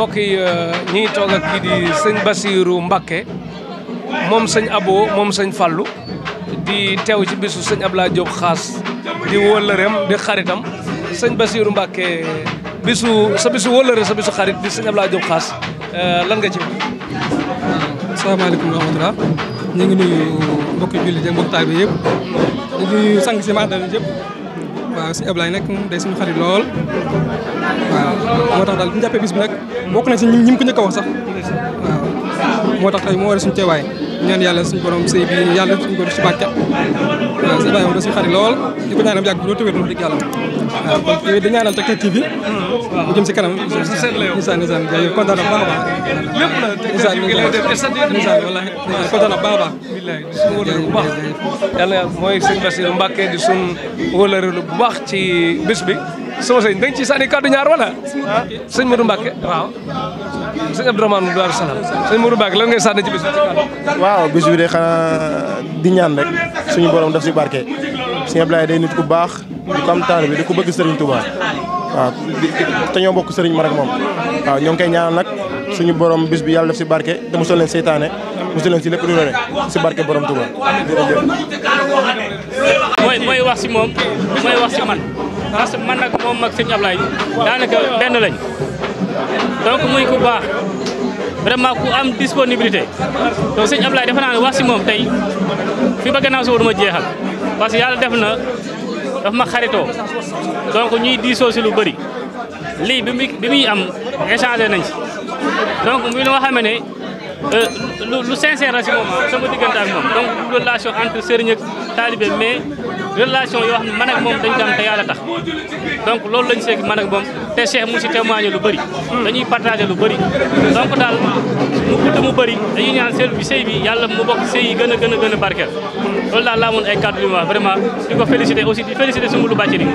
mbokk yi euh, ñi ngi toog ak kii di sëñ Basiiru Mbakke moom sëñ Abo moom sëñ Fallu di tew ci bisu sëñ Ablaye Diop xaas di wëllëreem di xaritam sëñ Basiiru Mbakke bisu sa bisu wëllëre sa bisu xarit bi sëñ Ablaye Diop xaas euh, lan nga ci wax. asalaamaaleykum ñu ngi nuyu mbokki jullit yi mbokk taal bi yëpp di nuyu sang si maanaam yëpp. waaw si Ablaye nag day suñu xarit lool waaw moo tax daal bu ñu jàppee bis bi nag bokk na si ñi ko njëkk a wax sax waaw moo tax tey moo war suñu teewaay ñaan yàlla suñu borom sëy bi yàlla suñu borom si barke waaw euh, sëñ Ibrahima da suñu xarit lool di ko ñaanal yàgg bu doon wér dëgg yàlla waaw kon euh, yooyu di ñaanal Tektal TV hmm. waaw bu jëm si kanam isaan isaan yow kontaan na baax a baax lépp la Tektal TV lay def isaan wala kontaan na baax a baax billahi bu baax yàlla mooy sëñ Bassirou Mbacké di suñu wóolare lu bu baax ci bés bi sama sëñ da nga ci sànni kàddu ñaar wala sëñ Modou Mbacke waaw sëñ Abdourahmane Darou Salam sëñ Modou Mbacke lan ngay sànni ci bis bi ci waaw bis bi de xanaa di ñaan rek suñu borom daf si barke sëñ Ablaye day nit ku baax di ko am taal bi di ko bëgg Serigne Touba waaw te ñoo bokk Serigne ma rek moom waaw ñoo ngi koy ñaanal nag suñu borom bis bi yàlla daf si barke te mosal leen seytaane mosal leen si lépp lu rëy si barke borom Touba. mooy mooy wax si moom mooy wax si man. ah man nag moom ak sëñ Ablaye daanaka benn lañ donc muy ku baax vraiment ku am disponibilité donc sëñ Ablaye defe naa ne wax si moom tey fi ba gannaaw si jeexal parce que yàlla def na daf ma xarito donc ñuy diisoo lu bëri lii bi muy bi am échangé nañ si donc muy euh, lu nga xam ne lu sincère la si moom sama diggante ak moom donc relation entre sëriñ ak taalibe relation yoo xam ne man ak moom dañ ko am te yàlla tax donc loolu lañ seeg man ak moom te Cheikh mu si témoigné lu bëri dañuy partagé lu bëri donc daal mu gudd mu bëri dañuy ñaan seen bi sëy bi mu bokk sëy yi gën a gën gën a barkeel loolu daal laa moon ay kàddu yu ma vraiment di ko félicité aussi di félicité sumulu bàcce di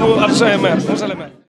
pour